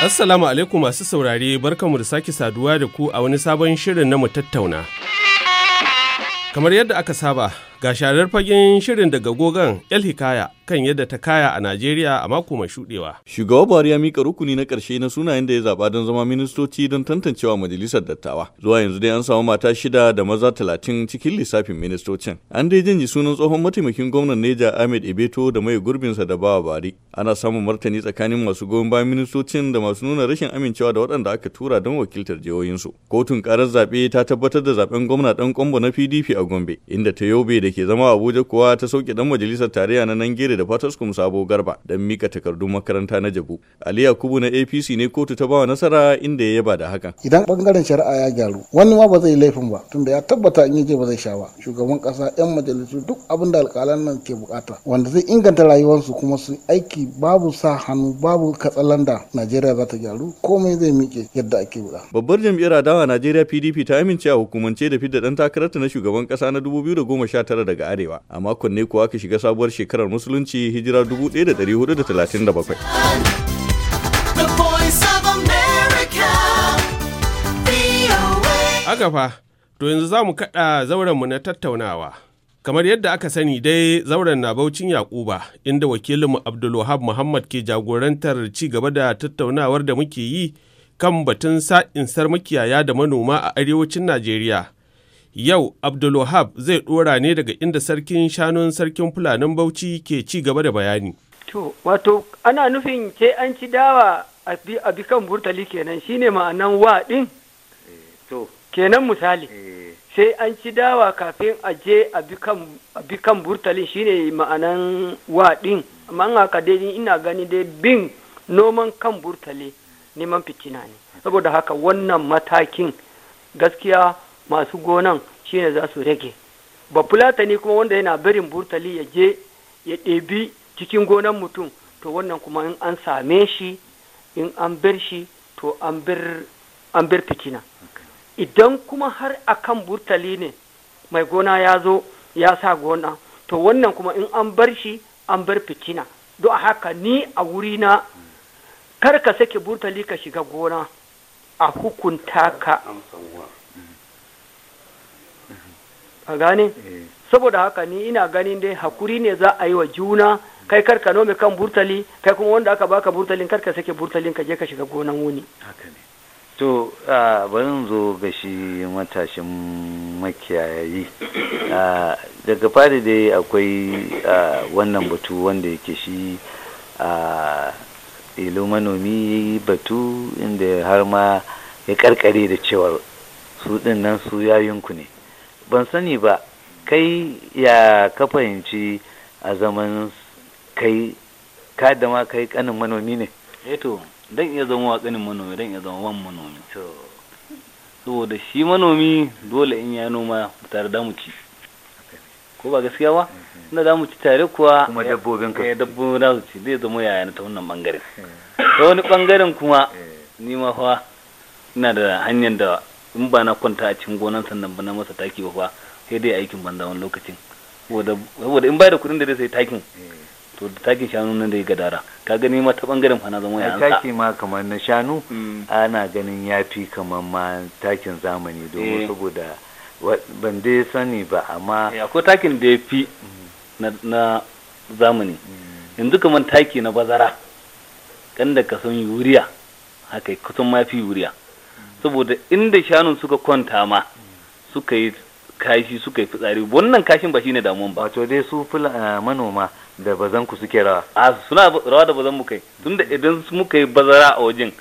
Assalamu alaikum masu saurare barkanmu da sake saduwa da ku a wani sabon shirin na mu tattauna. Kamar yadda aka saba, Ga sharar fagen shirin daga gogon El Hikaya kan yadda ta kaya a Najeriya a mako mai shudewa. Shugaba Buhari ya mika rukuni na ƙarshe na sunayen da ya zaba don zama ministoci don tantancewa majalisar dattawa. Zuwa yanzu dai an samu mata shida da maza talatin cikin lissafin ministocin. An dai janji sunan tsohon mataimakin gwamnan Neja Ahmed Ebeto da mai gurbinsa da bawa Bari. Ana samun martani tsakanin masu goyon bayan ministocin da masu nuna rashin amincewa da waɗanda aka tura don wakiltar jihohinsu. Kotun karar zaɓe ta tabbatar da zaɓen gwamna ɗan kwambo na PDP a Gombe, inda ta yobe da da ke zama Abuja kuwa ta sauke dan majalisar tarayya na Nangere da Fataskum Sabo Garba don mika takardun makaranta na Jabu. Ali Yakubu na APC ne kotu ta bawa nasara inda ya yaba da hakan. Idan bangaren shari'a ya gyaru, wani ma ba zai laifin ba tunda ya tabbata in yaje ba zai sha ba. Shugaban kasa, yan majalisu duk abin da alƙalan nan ke bukata wanda zai inganta rayuwarsu kuma su aiki babu sa hannu babu katsalanda Najeriya za ta gyaru komai zai mike yadda ake buɗa. Babbar jam'iyyar adawa Najeriya PDP ta amince a hukumance da fidda dan takararta na shugaban kasa na 2019 hijira daga arewa a makon ne kuwa aka shiga sabuwar shekarar musulunci hijira 1437 haka to yanzu za mu kaɗa zaurenmu na tattaunawa kamar yadda aka sani dai zauren na baucin yakuba inda wakilinmu abdulwahab muhammad ke jagorantar ci gaba da tattaunawar da muke yi kan batun sa'insar makiyaya da manoma a arewacin najeriya Yau Abdulwahab zai ɗora ne daga inda sarkin shanun sarkin Fulanin Bauchi ke ci gaba da bayani. To, wato ana nufin ke an ci dawa a bi kan burtali kenan shine ma'anan wa ɗin? Eh, kenan misali. Eh. Sai an ci dawa kafin a je a bi kan burtali shine ma'anan wa ɗin. Amma haka dai ina gani dai bin noman kan burtali neman fitina ne. Saboda haka wannan matakin gaskiya masu gonan shine za su rage ba fulatani kuma wanda yana barin burtali ya je ya ɗebi cikin gonan mutum to wannan kuma in an same shi in an bar shi to an bar fitina idan kuma har a kan burtali ne mai gona ya zo ya sa gona to wannan kuma in an bar shi an bar fitina don haka ni a wurina kar ka sake burtali ka shiga gona a hukunta ka ka gane eh. saboda haka ni ina ganin dai hakuri ne za a yi wa juna kai kar ka nome kan burtali kai kuma wanda aka baka burtalin kar ka sake burtalin ka je ka shiga gonan wuni haka ne to bari zo ga shi matashin makiyayi daga fari dai akwai wannan batu wanda yake shi ilo manomi batu inda har ma ya karkare da cewar su din nan su yayinku ne ban sani ba kai ya ka fahimci a zaman kai ka da ma kai kanin manomi ne eto eh dan iya zama wa kanin manomi dan iya zama wan manomi saboda shi manomi dole in ya noma tare da mu ci ko ba gaskiya ba mhm. inda za mu ci tare kuwa kuma dabbobin ka eh, dabbobin za su ci zai zama yaya na ta wannan bangaren eh. ta wani bangaren kuma ni ma fa ina da hanyar da in ba na kwanta a cikin gonan sannan ba na masa taki ba sai dai aikin banza wani lokacin saboda in ba da kuɗin da zai sai takin eh. to da takin shanu nan da ya gadara ka gani ma ta bangaren fa na zama ya ansa taki ma kamar na shanu mm. ana ganin ya fi kamar ma takin zamani domin eh. saboda ban dai sani ba amma eh, akwai takin da ya fi na zamani mm. yanzu kamar taki na bazara kan da ka san yuriya haka kusan ma fi yuriya saboda inda shanun suka kwanta ma suka yi kashi suka yi fitsari wannan kashin ba shi ne damuwan ba wato dai su eh, manoma da bazan ku suke rawa a suna rawa da bazan mu kai tunda idan muka yi bazara a wajen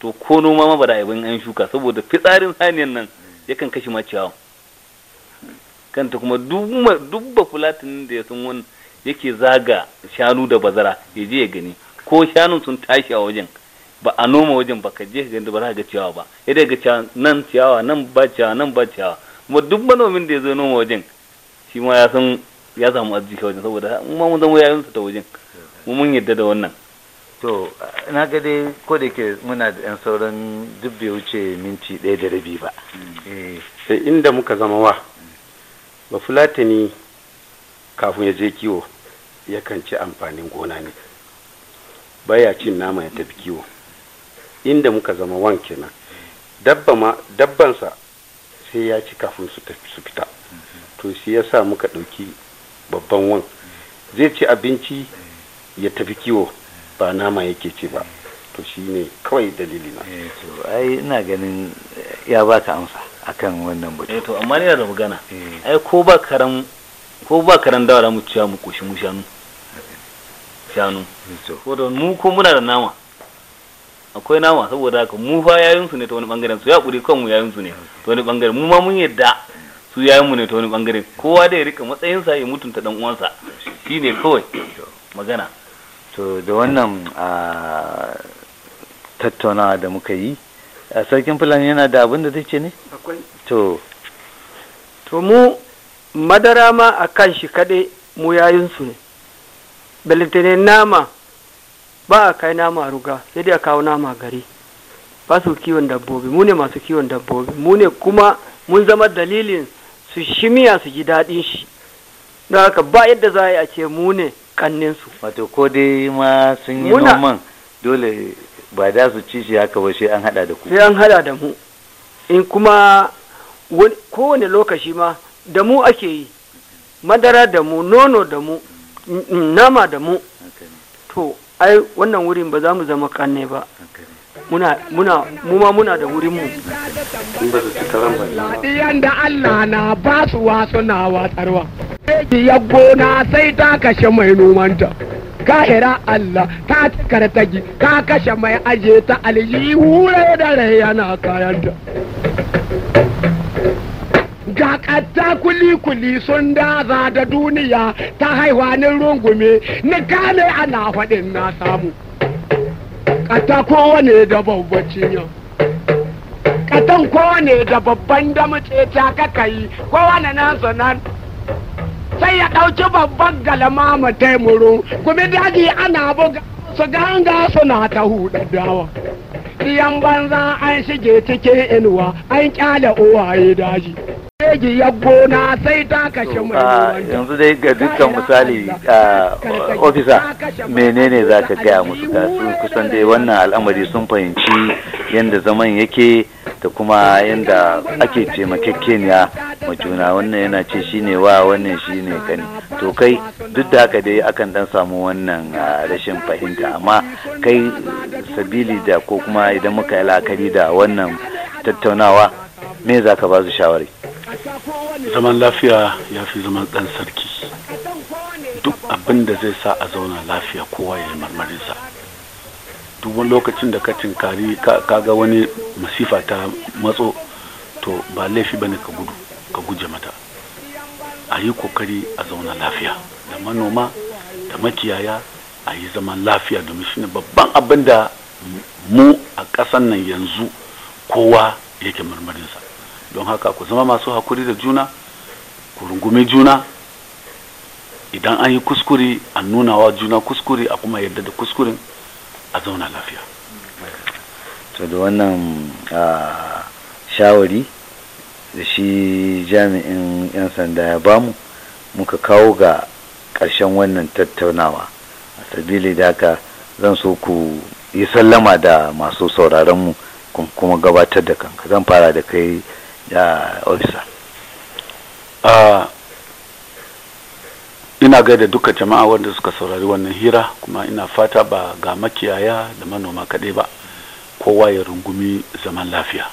to ko noma ma ba da abin an shuka saboda fitsarin saniyan nan yakan kashe ma ciyawa kanta kuma duk ba fulatin da ya san wani yake zaga shanu da bazara ya je ya gani ko shanun sun tashi a wajen ba a noma wajen ba ka je ka ba za ka ga ciyawa ba ya ga ciyawa nan ciyawa nan ba ciyawa nan ba ciyawa kuma duk manomin da ya zo noma wajen shi ma ya san ya samu arziki wajen saboda in ma mun zama yayin ta wajen mu mun yadda da wannan to na ga dai ko da ke muna da yan sauran duk bai wuce minti ɗaya da rabi ba eh, sai inda muka zama wa ba fulatani kafin ya je kiwo yakan ci amfanin gona ne baya cin nama ya tafi kiwo inda muka zama wan kenan dabba ma dabbansa sai ya ci kafin su tafi su fita to shi yasa muka ɗauki babban wan zai ci abinci ya tafi kiwo ba nama yake ce ba to shi ne kawai dalili na eh, ai ina ganin eh, ya baka amsa akan wannan batu eh, to amma ni da magana ai ko ba karam ko ba karan dawara mu ciya mu koshi mu shanu shanu ko da mu ko muna da nama akwai nama saboda haka mu fa yayin su ne ta wani bangaren su ya kuri kan mu yayin su ne ta wani bangaren mu ma mun yadda su yayin mu ne ta wani bangaren kowa da ya rika matsayin sa ya mutunta dan uwansa shine kawai magana to da wannan a tattaunawa da muka yi a sarkin fulani yana da abin da zai ce ne akwai to to mu madara ma a kan shi kade mu yayin su ne belitane nama ba a kai nama ruga sai dai a kawo nama gari ba su kiwon dabbobi mu ne masu kiwon dabbobi mu ne kuma mun zama dalilin su shimiya su ji daɗin shi don haka ba yadda za a ce mu ne su wato ko dai ma sun yi noman dole ba da su ci shi haka ba sai an hada da ku sai an hada da mu in kuma kowane lokaci ma da mu ake yi madara da mu nono da mu nama da mu to ai wannan wurin ba za mu zama kanne ba muna muna mu ma muna da wurin mu da Allah na ba su wasu na watsarwa ya gona sai ta kashe mai nomanta kahira Allah ta kartagi ka kashe mai aje ta aljihu da rai yana kayanta ga ƙatta kuli-kuli sun daza da duniya ta haihuwanin rungume na kame ana faɗin na samu ƙatta kowane da babbacin yau ƙatan kowane da babban mace ta kaka yi kowane nan sanan sai ya ɗauki babban galama ma taimuru kuma daji ana buga su ganga suna ta dawa. Diyan banza an shige cikin inuwa an kyale uwaye daji. ya gona sai ta kashe ah, yanzu dai ga dukkan misali ah, ofisa menene za ka gaya musu ga su kusan dai wannan al'amari sun fahimci yadda zaman yake da kuma yadda ake taimakekeniya ma juna wannan yana ce shine wa wannan shine kani to kai duk da haka dai akan dan samu wannan ah, rashin fahimta amma kai sabili da ko kuma idan muka yi la'akari da wannan tattaunawa me za ka ba su shawari zaman lafiya ya fi zaman ɗan sarki duk abin da zai sa a zauna lafiya kowa ya yi marmarinsa duk lokacin da ka tinkari kaga wani masifa ta matso to ba laifi bane ka gudu ka guje mata a yi kokari a zauna lafiya da manoma da makiyaya a yi zaman lafiya domin shine babban abin da mu a ƙasan nan yanzu kowa yake marmarinsa don haka ku zama masu hakuri da juna ku rungume juna idan an yi kuskure a nuna wa juna kuskure a kuma yadda da kuskurin a zauna lafiya to da wannan shawari da shi jami'in 'yan sanda ya bamu muka kawo ga karshen wannan tattaunawa a sabili da haka zan so ku yi sallama da masu sauraronmu kuma gabatar da kanka zan fara da kai ya ofisa ah, ina gaida duka jama'a wanda suka saurari wannan hira kuma ina fata ba ga makiyaya da manoma kaɗai ba kowa ya rungumi zaman lafiya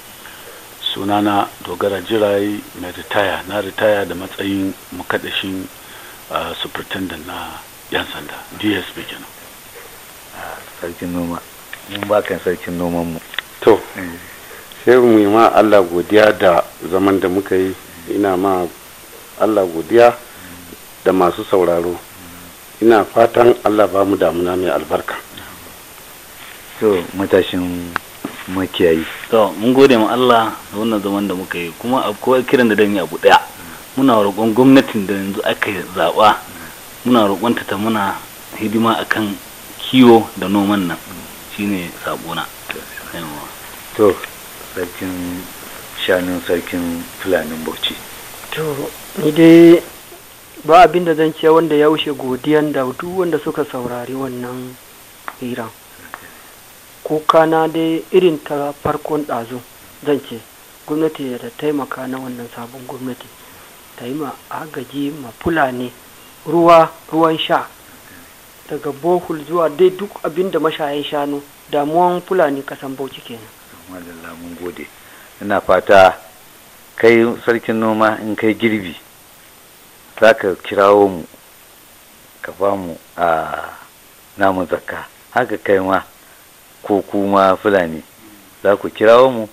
sunana dogara jirai na ritaya na ritaya da matsayin mukaddashin uh, superintendent na yan sanda dsp kenan ah, sarkin noma mun kan sarkin noman mu to mm. sai mu yi ma allah godiya da zaman da muka yi ina ma allah godiya da masu sauraro ina fatan allah ba mu damuna mai albarka so matashin makiyayi to mun gode ma allah da wannan zaman da muka yi kuma akwai kiran da yi abu daya muna roƙon gwamnatin da yanzu aka zaɓa muna roƙonta ta muna hidima akan kiwo da noman nan shine saƙona to sarkin shanun sarkin fulanin bauchi to ni dai ba abin da zan ce wanda ya wuce godiyan da duk wanda suka saurari wannan hiran kuka na dai irin ta farkon ɗazu zan ce gwamnati da taimaka na wannan sabon gwamnati ta yi ma ma fulani ruwa ruwan sha daga bohul zuwa dai duk abin da mashayan shanu damuwan fulani kasan bauchi kenan madalla mun gode ina fata kai sarkin noma in kai girbi za ka kirawo mu ka ba mu a namu zakka haka kai ma ko kuma fulani za ku kirawo mu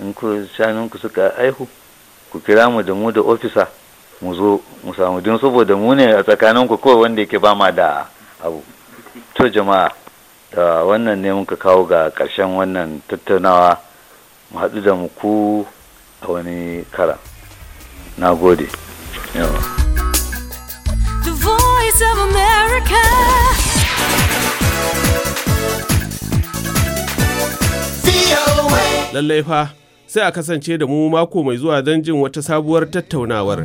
in ku shanunku suka aihu ku kira mu da mu da ofisa mu zo mu samu din saboda mu ne a tsakaninku kawai wanda yake ba ma da abu to jama'a da wannan ne muka kawo ga ƙarshen wannan tattaunawa mu haɗu da mu ku a wani kara na gode yawa Lallai fa sai a kasance da mu mako mai zuwa don jin wata sabuwar tattaunawar.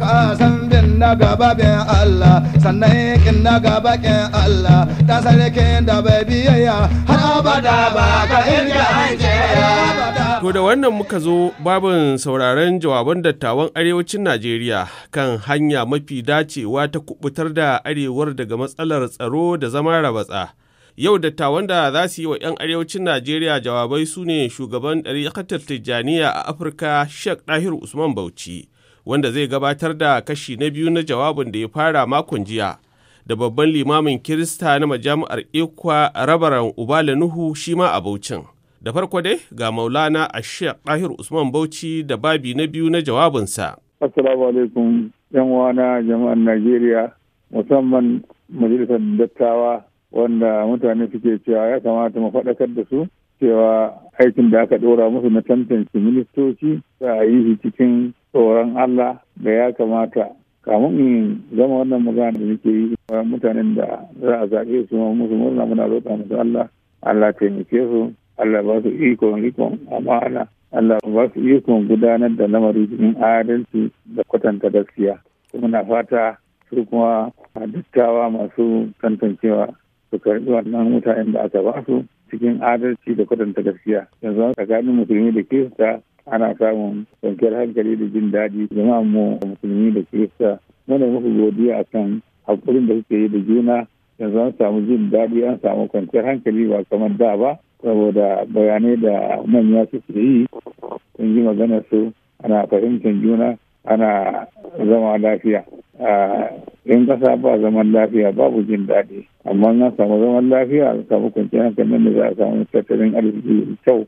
To da wannan muka zo babin sauraron jawaban dattawan arewacin Najeriya kan hanya mafi dacewa ta kubutar da arewar daga matsalar tsaro da zama rabatsa. Yau dattawan da za su yi wa 'yan arewacin Najeriya jawabai su ne shugaban ɗariƙatar Tijjaniya a Afirka Sheikh Ɗahir Usman Bauchi, wanda zai gabatar da kashi na biyu na jawabin da ya fara makon jiya. Da babban limamin Kirista na majami'ar Ikwa Rabaran Ubala Nuhu shi ma a Baucin. Da farko dai ga Maulana a Sheikh Ɗahir Usman Bauchi da babi na biyu na jawabinsa. Assalamu alaikum, 'yan wana jama'ar Najeriya, musamman majalisar dattawa wanda mutane suke cewa ya kamata mu faɗakar da su cewa aikin da aka ɗora musu na tantance ministoci za a yi shi cikin tsoron Allah da ya kamata kamun in zama wannan magana da muke yi mutanen da za a zaɓe su musu murna muna roƙa musu Allah Allah taimake su Allah ba su ikon amana Allah ba su ikon gudanar da lamari cikin adalci da kwatanta gaskiya muna fata su kuma dattawa masu tantancewa su karɓi wannan mutanen da aka ba su cikin adalci da kwatanta gaskiya yanzu tsakanin musulmi da kirista ana samun kwanciyar hankali da jin daɗi jama'an mu musulmi da kirista muna muku godiya kan hakurin da suke yi da juna yanzu an samu jin daɗi an samu kwanciyar hankali ba kamar da ba saboda bayanai da manya suke yi sun yi magana su ana fahimtar juna ana zama lafiya in kasa ba zaman lafiya babu jin daɗi amma na samu zaman lafiya a samu kwanciyar nan da za a samu tattalin arziki kyau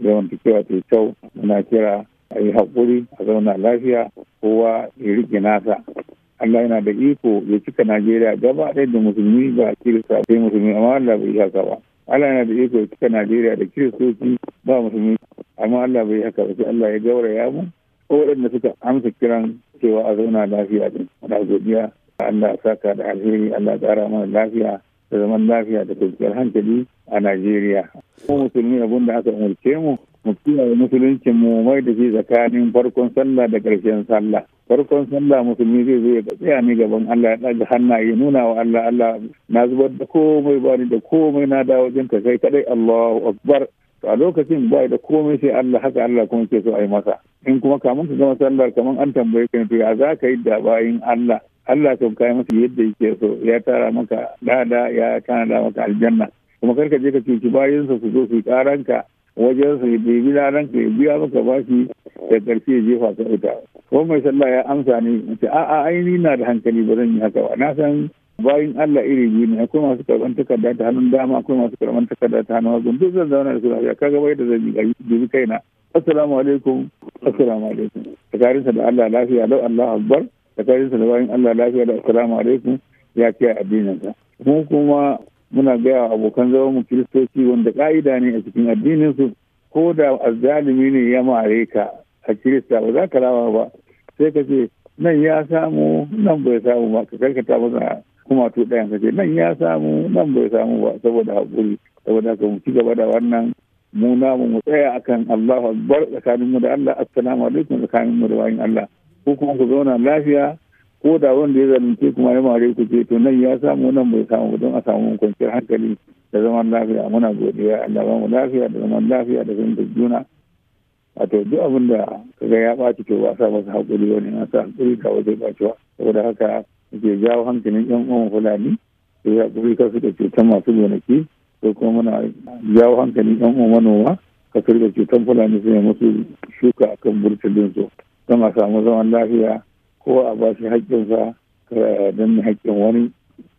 zamantakewa ta kyau muna kira a yi haƙuri a zauna lafiya kowa ya riƙe nasa Allah yana da iko ya cika Najeriya gaba ɗaya da musulmi ba kirista sai musulmi amma Allah bai haka ba Allah yana da iko ya cika Najeriya da kiristoci ba musulmi amma Allah bai haka ba sai Allah ya gauraya mu waɗanda suka amsa kiran cewa a zauna lafiya din ana godiya Allah saka da alheri Allah ƙara mana lafiya da zaman lafiya da kwanciyar hankali a Najeriya. Mu musulmi abin da aka umarce mu mu kiyaye musuluncin mu mai da shi tsakanin farkon sallah da ƙarshen sallah. Farkon sallah musulmi zai zo ya tsaya ne gaban Allah ya ɗaga hannaye nuna wa Allah Allah na zubar da komai bani da komai na dawo jinka kai kaɗai Allahu Akbar. a lokacin ba da komai sai Allah haka Allah kuma ke so a yi masa in kuma kamun ka zama sallar kamar an tambaye ka to ya za ka yi da bayin Allah Allah ka kai masa yadda yake so ya tara maka dada ya da maka aljanna kuma kar ka je ka cuci bayansa su zo su karanka wajen su ɗebi ran ka biya maka bashi da karfi ya jefa ka wuta ko mai sallah ya amsa ni ce a'a ni na da hankali ba zan yi haka ba na san bayan Allah iri biyu ne akwai masu karɓar takarda ta hannun dama akwai masu karɓar takarda ta hannun hagu duk zan zauna da su lafiya kaga bai da zan yi dubi kaina assalamu alaikum assalamu alaikum tsakaninsa da Allah lafiya lau Allah akbar tsakaninsa da bayan Allah lafiya da assalamu alaikum ya addinin addininsa mu kuma muna gaya wa abokan zaman mu kiristoci wanda ka'ida ne a cikin addinin su ko da azzalimi ne ya mare ka a kirista ba za ka rawa ba sai ka ce nan ya samu nan bai samu ba ka karkata masa kuma to ɗayan kace nan ya samu nan bai samu ba saboda haƙuri saboda haka mu ci gaba da wannan mu namu mu tsaya akan Allahu Akbar tsakanin mu da Allah assalamu alaikum tsakanin mu da bayin Allah ko kuma ku zauna lafiya ko da wanda ya zalunce kuma ya mare ku ce to nan ya samu nan bai samu don a samu kwanciyar hankali da zaman lafiya muna godiya Allah ba mu lafiya da zaman lafiya da zan juna wato duk abin da kaga ya ɓaci to ba sa masa haƙuri wani na sa haƙuri ka wajen ba saboda haka ke jawo hankalin yan uwan fulani da ya kuri kasu da cutar masu gonaki ko kuma muna jawo hankalin yan uwan manoma kasu da cutar fulani ne musu shuka kan burtulin su don a samu zaman lafiya ko a ba shi haƙƙinsa dan haƙƙin wani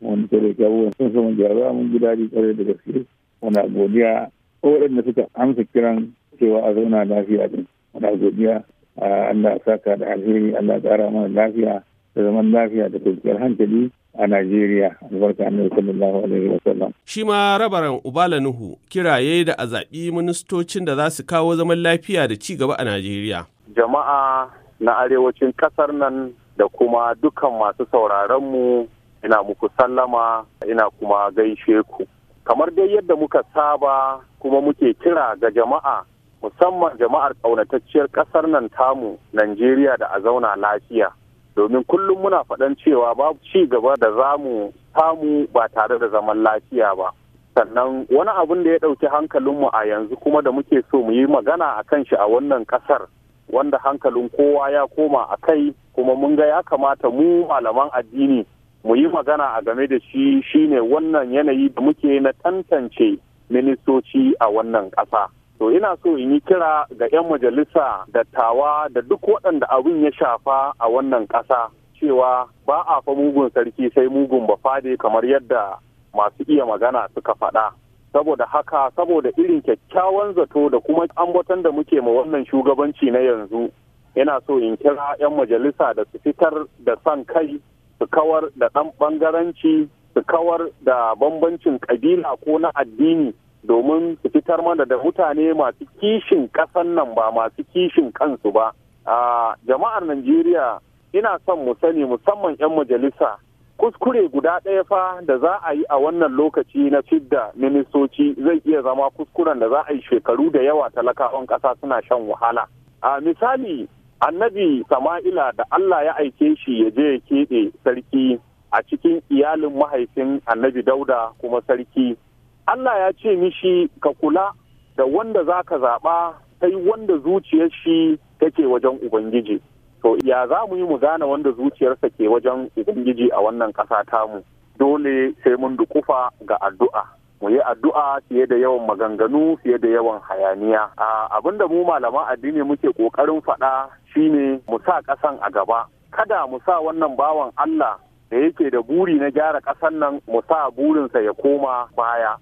wani kare kawo sun gyara mun gida daɗi kare da gaske muna godiya ko waɗanda suka amsa kiran cewa a zauna lafiya din muna godiya Allah saka da alheri Allah ƙara mana lafiya da zaman lafiya da kwanciyar hankali a Najeriya albarka annabi sallallahu alaihi wa sallam. Shi ma rabaran Ubala Nuhu kiraye da a zaɓi ministocin da za su kawo zaman lafiya da ci gaba a Najeriya. Jama'a na arewacin ƙasar nan da kuma dukan masu sauraronmu ina muku sallama ina kuma gaishe ku. Kamar dai yadda muka saba kuma muke kira ga jama'a musamman jama'ar ƙaunatacciyar ƙasar nan tamu Najeriya da a zauna lafiya. domin kullum muna faɗan cewa babu ci gaba da za mu samu ba tare da zaman lafiya ba sannan wani abin da ya ɗauki hankalinmu a yanzu kuma da muke so mu yi magana a kan shi a wannan ƙasar wanda hankalin kowa ya koma a kai kuma mun ga ya kamata mu malaman addini mu yi magana a game da shi shine wannan yanayi da muke na tantance ministoci a wannan ƙasa. To ina so in yi kira ga 'yan majalisa dattawa da duk waɗanda abin ya shafa a wannan ƙasa cewa ba a fa mugun sarki sai mugun ba fade kamar yadda masu iya magana suka faɗa. Saboda haka saboda irin kyakkyawan zato da kuma ambaton da muke ma wannan shugabanci na yanzu ina so in kira 'yan majalisa da su fitar da san kai su kawar da ɗan ɓangaranci su kawar da bambancin ƙabila ko na addini domin su fitar mana da mutane masu kishin ƙasan nan ba masu kishin kansu ba a jama'ar najeriya ina son mu sani musamman 'yan majalisa kuskure guda ɗaya fa da za a yi a wannan lokaci na fidda ministoci zai iya zama kuskuren da za a yi shekaru da yawa talakawan ƙasa suna shan wahala a misali annabi sama'ila da allah ya aike shi ya je ya keɓe sarki a cikin iyalin mahaifin annabi dauda kuma sarki Allah ya ce mishi ka kula da wanda za ka zaɓa ta yi wanda zuciyar shi take wajen Ubangiji. To ya za mu yi mu gane wanda zuciyarsa ke wajen Ubangiji a wannan ƙasa tamu. Dole sai mun dukufa ga addu'a. Mu yi addu'a fiye da yawan maganganu fiye da yawan hayaniya. Abin da mu malaman addini muke ƙoƙarin faɗa shi ne mu sa ƙasan a gaba. Kada mu sa wannan bawan Allah da yake da buri na gyara ƙasan nan mu sa burinsa ya koma baya.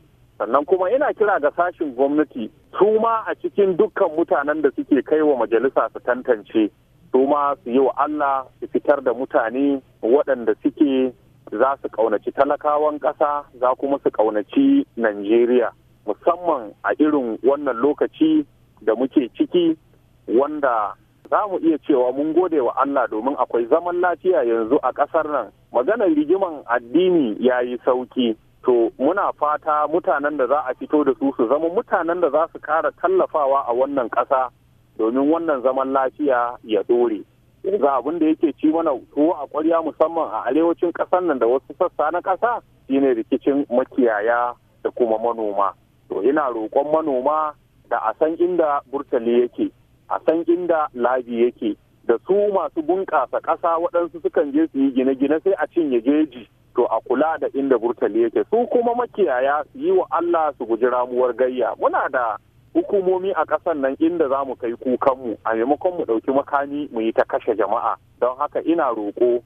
sannan kuma yana kira ga sashin gwamnati su ma a cikin dukkan mutanen da suke kai wa majalisa su tantance su ma su yi wa Allah su fitar da mutane waɗanda suke za su ƙaunaci talakawan ƙasa za kuma su ƙaunaci Najeriya musamman a irin wannan lokaci da muke ciki wanda za mu iya cewa mun gode wa Allah domin akwai zaman lafiya yanzu a ƙasar nan maganar rigiman addini ya yi sauki to muna fata mutanen da za a fito da su su zama mutanen da za su kara tallafawa a wannan ƙasa domin wannan zaman lafiya ya dore yanzu abin da yake ci mana tuwo a ƙwarya musamman a arewacin ƙasar nan da wasu sassa na ƙasa shine rikicin makiyaya da kuma manoma to ina roƙon manoma da a san inda burtali yake a san inda labi yake da su masu bunƙasa ƙasa waɗansu sukan je su yi gine-gine sai a cinye jeji to a kula da inda burtali yake su kuma makiyaya su yi wa Allah su guji ramuwar gayya muna da hukumomi a ƙasan nan inda za mu kai kukanmu a maimakon mu ɗauki makami mu yi ta kashe jama'a don haka ina roƙo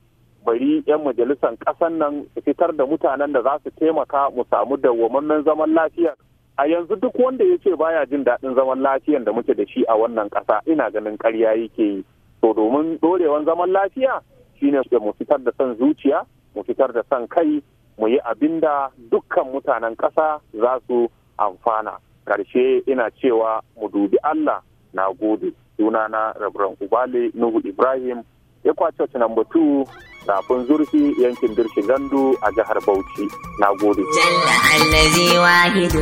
bari 'yan majalisan ƙasan nan su fitar da mutanen da za su taimaka mu samu dawwamammen zaman lafiya a yanzu duk wanda ya ce baya jin daɗin zaman lafiyan da muke da shi a wannan ƙasa ina ganin ƙarya yake yi to domin dorewan zaman lafiya shine mu fitar da son zuciya mu fitar da son kai mu yi abin da dukkan mutanen ƙasa za su amfana Karshe ina cewa mu dubi allah na gode sunana rabran ubale nuhu ibrahim ya kwace number tu, rafin zurfi yankin birki, gandu a jihar bauchi na gode jalla allazi wahidu